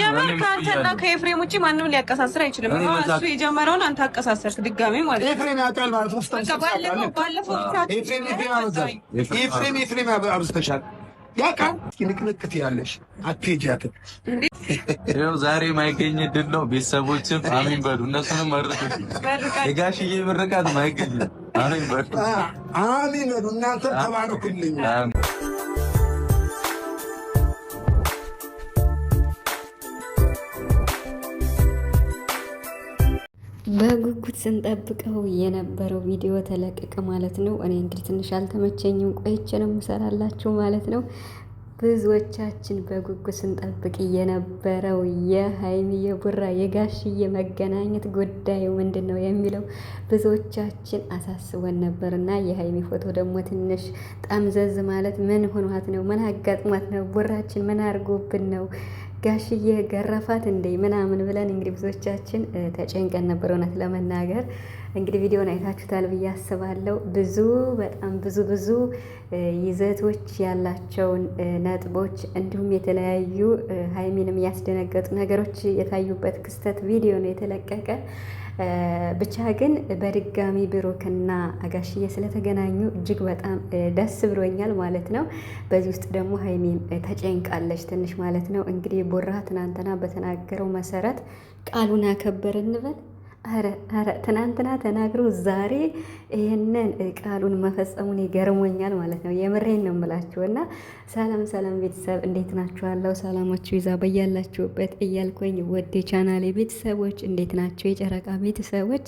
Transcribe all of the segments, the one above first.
ጀመር ከአንተና ከኤፍሬም ውጭ ማንም ሊያቀሳስር አይችልም። እሱ የጀመረውን አንተ አቀሳሰርክ ድጋሜ ማለት ነው። ዛሬ ማይገኝ ድል ነው። ቤተሰቦችም አሜን በሉ። እነሱንም መርቁ። የጋሽዬ ምርቃት ማይገኝ አሜን በሉ። አሜን ተባረኩልኝ። በጉጉት ስንጠብቀው የነበረው ቪዲዮ ተለቀቀ ማለት ነው። እኔ እንግዲህ ትንሽ አልተመቸኝም፣ ቆይቼ ነው የምሰራላችሁ ማለት ነው። ብዙዎቻችን በጉጉት ስንጠብቅ የነበረው የሀይሚ የቡራ የጋሽዬ መገናኘት ጉዳዩ ምንድን ነው የሚለው ብዙዎቻችን አሳስበን ነበር እና የሀይሚ ፎቶ ደግሞ ትንሽ ጠምዘዝ ማለት ምን ሆኗት ነው? ምን አጋጥሟት ነው? ቡራችን ምን አድርጎብን ነው? ጋሽዬ ገረፋት እንዴ ምናምን ብለን እንግዲህ ብዙዎቻችን ተጨንቀን ነበር። እውነት ለመናገር እንግዲህ ቪዲዮን አይታችሁታል ብዬ አስባለሁ። ብዙ በጣም ብዙ ብዙ ይዘቶች ያላቸውን ነጥቦች እንዲሁም የተለያዩ ሀይሚንም ያስደነገጡ ነገሮች የታዩበት ክስተት ቪዲዮ ነው የተለቀቀ። ብቻ ግን በድጋሚ ብሩክና አጋሽዬ ስለተገናኙ እጅግ በጣም ደስ ብሎኛል ማለት ነው። በዚህ ውስጥ ደግሞ ሀይሚም ተጨንቃለች ትንሽ ማለት ነው። እንግዲህ ቦራ ትናንትና በተናገረው መሰረት ቃሉን አከበር እንበል ኧረ ትናንትና ተናግሮ ዛሬ ይህንን ቃሉን መፈጸሙን ይገርሞኛል ማለት ነው። የምሬን ነው የምላችሁ። እና ሰላም ሰላም ቤተሰብ እንዴት ናችኋለሁ? ሰላማችሁ ይዛ በያላችሁበት እያልኩኝ ወደ ቻናሌ ቤተሰቦች እንዴት ናቸው? የጨረቃ ቤተሰቦች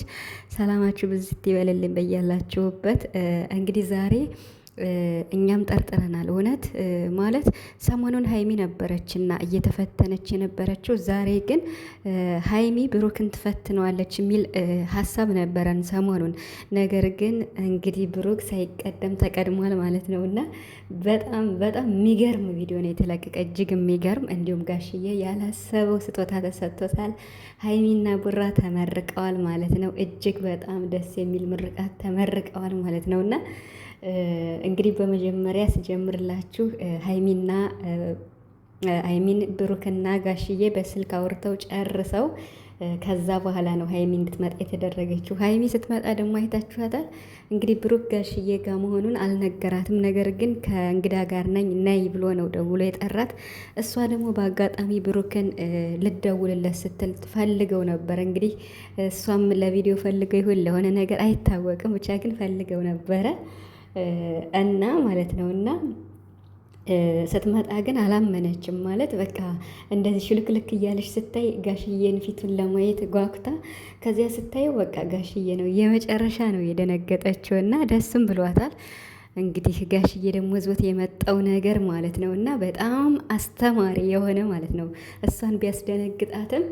ሰላማችሁ ብዝት ይበልልን በያላችሁበት። እንግዲህ ዛሬ እኛም ጠርጥረናል። እውነት ማለት ሰሞኑን ሀይሚ ነበረችና እየተፈተነች የነበረችው ዛሬ ግን ሀይሚ ብሩክን ትፈትነዋለች የሚል ሀሳብ ነበረን ሰሞኑን። ነገር ግን እንግዲህ ብሩክ ሳይቀደም ተቀድሟል ማለት ነው እና በጣም በጣም የሚገርም ቪዲዮ ነው የተለቀቀ እጅግ የሚገርም እንዲሁም ጋሽዬ ያላሰበው ስጦታ ተሰጥቶታል። ሀይሚና ቡራ ተመርቀዋል ማለት ነው። እጅግ በጣም ደስ የሚል ምርቃት ተመርቀዋል ማለት ነው እና እንግዲህ በመጀመሪያ ስጀምርላችሁ ሀይሚና አይሚን ብሩክና ጋሽዬ በስልክ አውርተው ጨርሰው ከዛ በኋላ ነው ሀይሚ እንድትመጣ የተደረገችው። ሀይሚ ስትመጣ ደግሞ አይታችኋታል። እንግዲህ ብሩክ ጋሽዬ ጋር መሆኑን አልነገራትም። ነገር ግን ከእንግዳ ጋር ነኝ ነይ ብሎ ነው ደውሎ የጠራት። እሷ ደግሞ በአጋጣሚ ብሩክን ልደውልለት ስትል ፈልገው ነበር። እንግዲህ እሷም ለቪዲዮ ፈልገው ይሁን ለሆነ ነገር አይታወቅም፣ ብቻ ግን ፈልገው ነበረ እና ማለት ነው እና ስትመጣ ግን አላመነችም። ማለት በቃ እንደዚህ ሽልክልክ እያለች ስታይ ጋሽዬን ፊቱን ለማየት ጓጉታ ከዚያ ስታየው በቃ ጋሽዬ ነው። የመጨረሻ ነው የደነገጠችው እና ደስም ብሏታል። እንግዲህ ጋሽዬ ደግሞ ዞት የመጣው ነገር ማለት ነው እና በጣም አስተማሪ የሆነ ማለት ነው። እሷን ቢያስደነግጣትም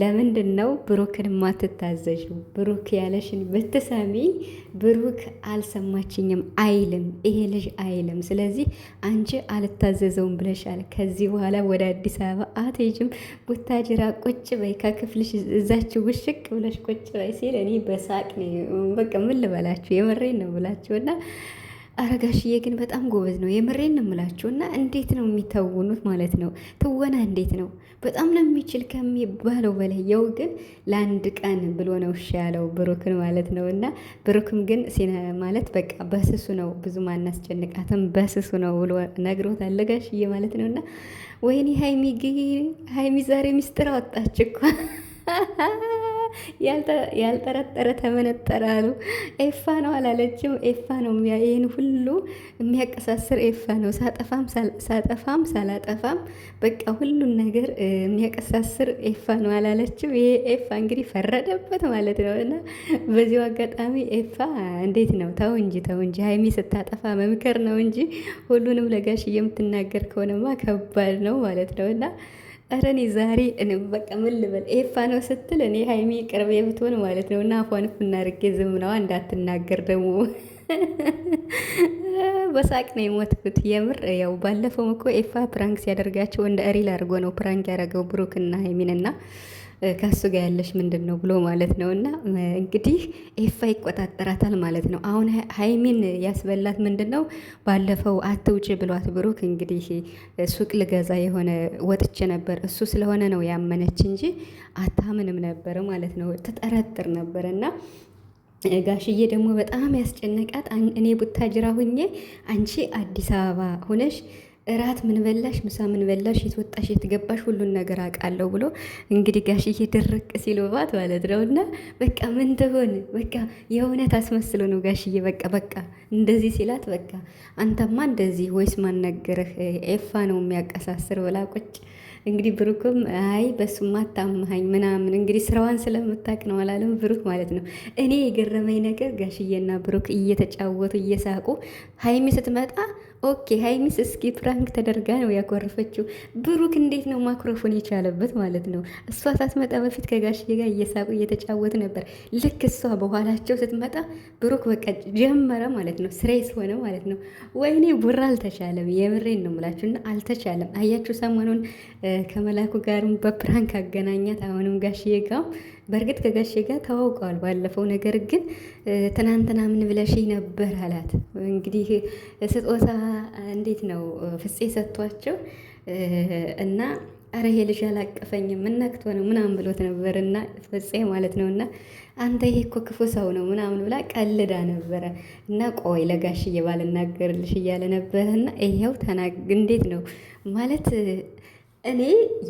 ለምንድን ነው ብሩክን ማትታዘዥ? ብሩክ ያለሽን ብትሰሚ ብሩክ አልሰማችኝም አይልም፣ ይሄ ልጅ አይልም። ስለዚህ አንቺ አልታዘዘውም ብለሻል። ከዚህ በኋላ ወደ አዲስ አበባ አትሄጂም፣ ቡታጅራ ቁጭ በይ፣ ከክፍልሽ እዛች ውሽቅ ብለሽ ቁጭ በይ ሲል እኔ በሳቅ ነው በቃ ምን ልበላችሁ፣ የምሬን ነው ብላችሁና አረጋሽዬ ግን በጣም ጎበዝ ነው። የምሬን እምላችሁ እና እንዴት ነው የሚተውኑት ማለት ነው። ትወና እንዴት ነው በጣም ነው የሚችል ከሚባለው በላይ ያው ግን ለአንድ ቀን ብሎ ነው እሺ ያለው ብሩክን ማለት ነው። እና ብሩክም ግን ማለት በቃ በስሱ ነው ብዙ ማናስጨንቃትም በስሱ ነው ብሎ ነግሮት አለጋሽዬ ማለት ነው። እና ወይኔ ሀይሚ ዛሬ ሚስጥር አወጣች እኮ ያልጠረጠረ ተመነጠረ አሉ። ኤፋ ነው አላለችም። ኤፋ ነው ይህን ሁሉ የሚያቀሳስር ኤፋ ነው። ሳጠፋም ሳጠፋም ሳላጠፋም በቃ ሁሉን ነገር የሚያቀሳስር ኤፋ ነው አላለችም። ይሄ ኤፋ እንግዲህ ፈረደበት ማለት ነው። እና በዚሁ አጋጣሚ ኤፋ እንዴት ነው? ተው እንጂ ተው እንጂ ሀይሚ ስታጠፋ መምከር ነው እንጂ ሁሉንም ለጋሽ የምትናገር ከሆነማ ከባድ ነው ማለት ነው እና ኧረ እኔ ዛሬ በቃ ምን ልበል ኤፋ ነው ስትል እኔ ሀይሚ ቅርብ የምትሆን ማለት ነው። እና አፏን ፍናርጌ ዝም እንዳትናገር ደግሞ በሳቅ ነው የሞትኩት። የምር ያው ባለፈው እኮ ኤፋ ፕራንክ ሲያደርጋቸው እንደ ሪል አድርጎ ነው ፕራንክ ያደረገው ብሩክና ሀይሚንና ከሱ ጋር ያለሽ ምንድን ነው ብሎ ማለት ነው። እና እንግዲህ ኤፋ ይቆጣጠራታል ማለት ነው። አሁን ሀይሚን ያስበላት ምንድን ነው? ባለፈው አትውጭ ብሏት ብሩክ እንግዲህ ሱቅ ልገዛ የሆነ ወጥቼ ነበር እሱ ስለሆነ ነው ያመነች እንጂ አታምንም ነበር ማለት ነው። ትጠረጥር ነበር እና ጋሽዬ ደግሞ በጣም ያስጨነቃት እኔ ቡታጅራ ሁኜ አንቺ አዲስ አበባ ሁነሽ እራት ምን በላሽ፣ ምሳ ምን በላሽ፣ የት ወጣሽ፣ የት ገባሽ ሁሉን ነገር አውቃለሁ ብሎ እንግዲህ ጋሽዬ ድርቅ ሲሉባት ማለት ነው። እና በቃ ምን ትሆን በቃ የእውነት አስመስሎ ነው ጋሽዬ በቃ በቃ እንደዚህ ሲላት በቃ አንተማ እንደዚህ ወይስ ማን ነገርህ ኤፋ ነው የሚያቀሳስር ብላ ቁጭ እንግዲህ ብሩክም አይ በሱማ አታምሃኝ ምናምን እንግዲህ ስራዋን ስለምታቅ ነው አላለም ብሩክ ማለት ነው። እኔ የገረመኝ ነገር ጋሽዬና ብሩክ እየተጫወቱ እየሳቁ ሀይሚ ስትመጣ ኦኬ ሀይሚስ እስኪ ፕራንክ ተደርጋ ነው ያኮረፈችው። ብሩክ እንዴት ነው ማክሮፎን የቻለበት ማለት ነው? እሷ ሳትመጣ በፊት ከጋሽዬ ጋር እየሳቁ እየተጫወቱ ነበር። ልክ እሷ በኋላቸው ስትመጣ ብሩክ በቃ ጀመረ ማለት ነው። ስሬስ ሆነ ማለት ነው። ወይኔ ቡራ አልተቻለም። የምሬን ነው የምላችሁ እና አልተቻለም። አያችሁ ሰሞኑን ከመላኩ ጋርም በፕራንክ አገናኛት። አሁንም ጋሽዬ ጋር በእርግጥ ከጋሼ ጋር ተዋውቀዋል ባለፈው። ነገር ግን ትናንትና ምን ብለሽ ነበር አላት። እንግዲህ ስጦታ እንዴት ነው ፍፄ ሰጥቷቸው እና አረ ይሄ ልጅ አላቀፈኝም ምን ነው ምናምን ብሎት ነበር እና ፍፄ ማለት ነው እና አንተ ይሄ እኮ ክፉ ሰው ነው ምናምን ብላ ቀልዳ ነበረ እና ቆይ ለጋሽዬ ባልናገርልሽ እያለ ነበረ እና ይኸው ተናግ እንዴት ነው ማለት እኔ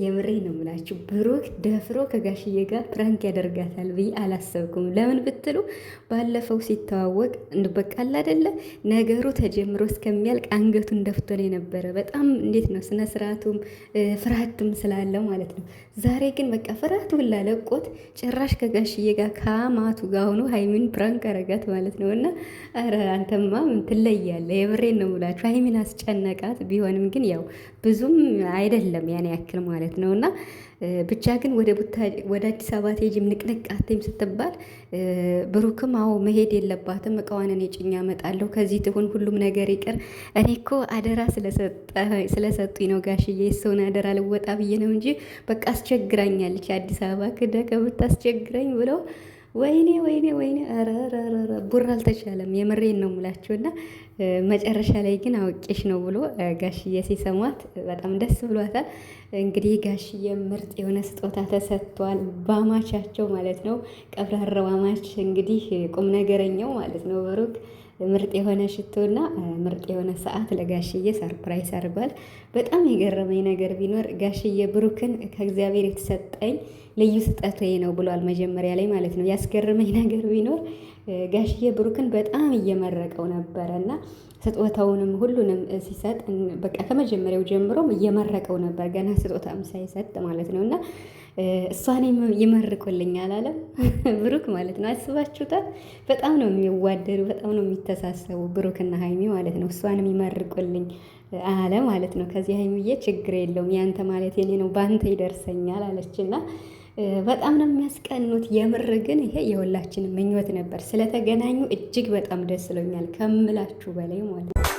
የምሬ ነው የምላችሁ ብሩክ ደፍሮ ከጋሽዬ ጋር ፕራንክ ያደርጋታል ብዬ አላሰብኩም። ለምን ብትሉ ባለፈው ሲተዋወቅ እንበቃል አደለ፣ ነገሩ ተጀምሮ እስከሚያልቅ አንገቱን ደፍቶ ነው የነበረ። በጣም እንዴት ነው ስነ ስርዓቱም ፍርሃቱም ስላለ ማለት ነው። ዛሬ ግን በቃ ፍርሃቱ ሁላ ለቆት ጭራሽ ከጋሽዬ ጋር ከማቱ ጋር ሆኖ ሀይሚን ፕራንክ አረጋት ማለት ነው። እና ኧረ አንተማ ምን ትለያለ? የምሬን ነው የምላችሁ ሀይሚን አስጨነቃት። ቢሆንም ግን ያው ብዙም አይደለም ያ ያን ያክል ማለት ነው። እና ብቻ ግን ወደ አዲስ አበባ ትሄጂም ንቅንቅ አትይም ስትባል ብሩክም አዎ መሄድ የለባትም እቃዋን እኔ ጭኛ ከዚህ ትሁን ሁሉም ነገር ይቅር። እኔ እኮ አደራ ስለሰጡኝ ነው ጋሽዬ፣ የሰውን አደራ ልወጣ ብዬ ነው እንጂ በቃ አስቸግራኛለች አዲስ አበባ ክደ ከምታስቸግረኝ ብለው ወይኔ ወይኔ ወይኔ ረረረረ ቡራ አልተቻለም። የምሬን ነው ሙላችሁ እና መጨረሻ ላይ ግን አውቄሽ ነው ብሎ ጋሽዬ ሲሰሟት በጣም ደስ ብሏታል። እንግዲህ ጋሽዬ ምርጥ የሆነ ስጦታ ተሰጥቷል። ባማቻቸው ማለት ነው ቀብራራው አማች እንግዲህ ቁም ነገረኛው ማለት ነው በሩቅ ምርጥ የሆነ ሽቶና ምርጥ የሆነ ሰዓት ለጋሽዬ ሰርፕራይዝ አርጓል። በጣም የገረመኝ ነገር ቢኖር ጋሽዬ ብሩክን ከእግዚአብሔር የተሰጠኝ ልዩ ስጠት ነው ብሏል፣ መጀመሪያ ላይ ማለት ነው። ያስገረመኝ ነገር ቢኖር ጋሽዬ ብሩክን በጣም እየመረቀው ነበረ እና ስጦታውንም ሁሉንም ሲሰጥ በቃ ከመጀመሪያው ጀምሮም እየመረቀው ነበር፣ ገና ስጦታም ሳይሰጥ ማለት ነው እና እሷን ይመርቁልኛል አላለም ብሩክ ማለት ነው። አስባችሁታል? በጣም ነው የሚዋደዱ፣ በጣም ነው የሚተሳሰቡ ብሩክና ሀይሚ ማለት ነው። እሷንም ይመርቁልኝ አለ ማለት ነው። ከዚህ ሀይሚዬ ችግር የለውም ያንተ ማለት የኔ ነው ባንተ ይደርሰኛል አለችና በጣም ነው የሚያስቀኑት። የምር ግን ይሄ የሁላችንም ምኞት ነበር። ስለተገናኙ እጅግ በጣም ደስ ብሎኛል ከምላችሁ በላይ ማለት ነው።